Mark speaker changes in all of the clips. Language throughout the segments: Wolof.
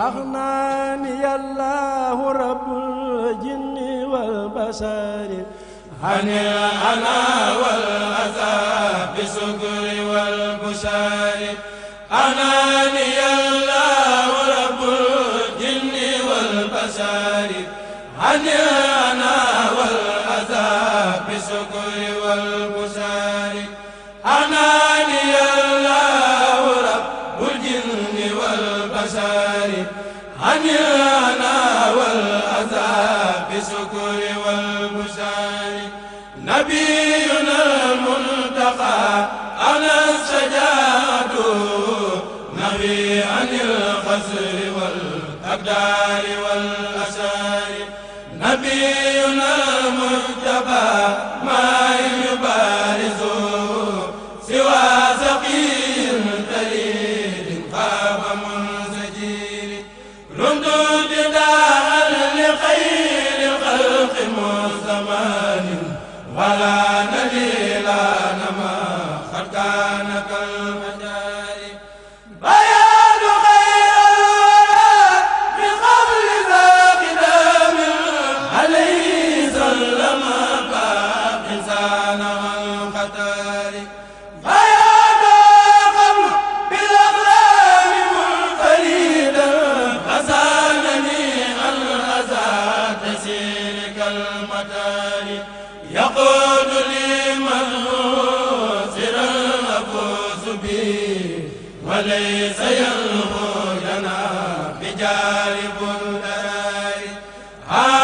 Speaker 1: أغناني الله رب الجن والبشر عن الأنا والأذى بسكر والبشار
Speaker 2: أناني الله
Speaker 1: رب الجن والبشر عن المساري عن يانا والأذى بسكر والبشار نبينا المنتقى أنا السجاد نبي عن الخسر والأقدار والأسار نبينا المرتبى ما يبارزون وليس يلهو لنا بجارب الدراري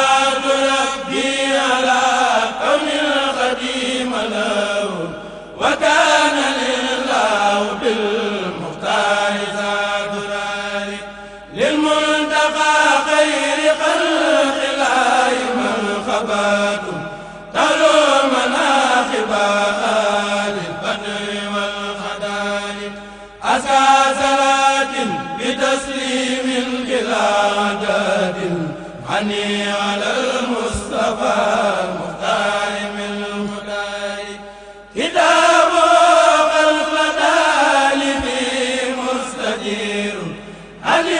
Speaker 1: ani ala mustafa muxtaar mil muxtaar kitaabu xalqa taalibi mustajiir ani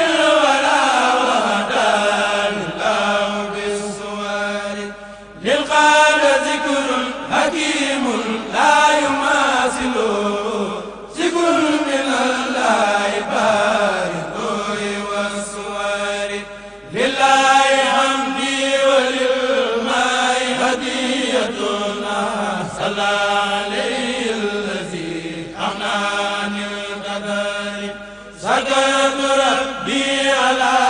Speaker 1: ala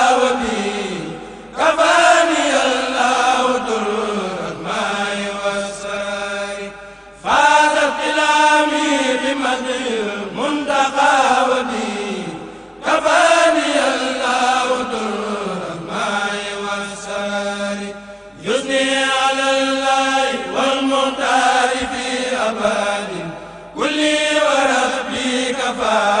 Speaker 1: Mustafa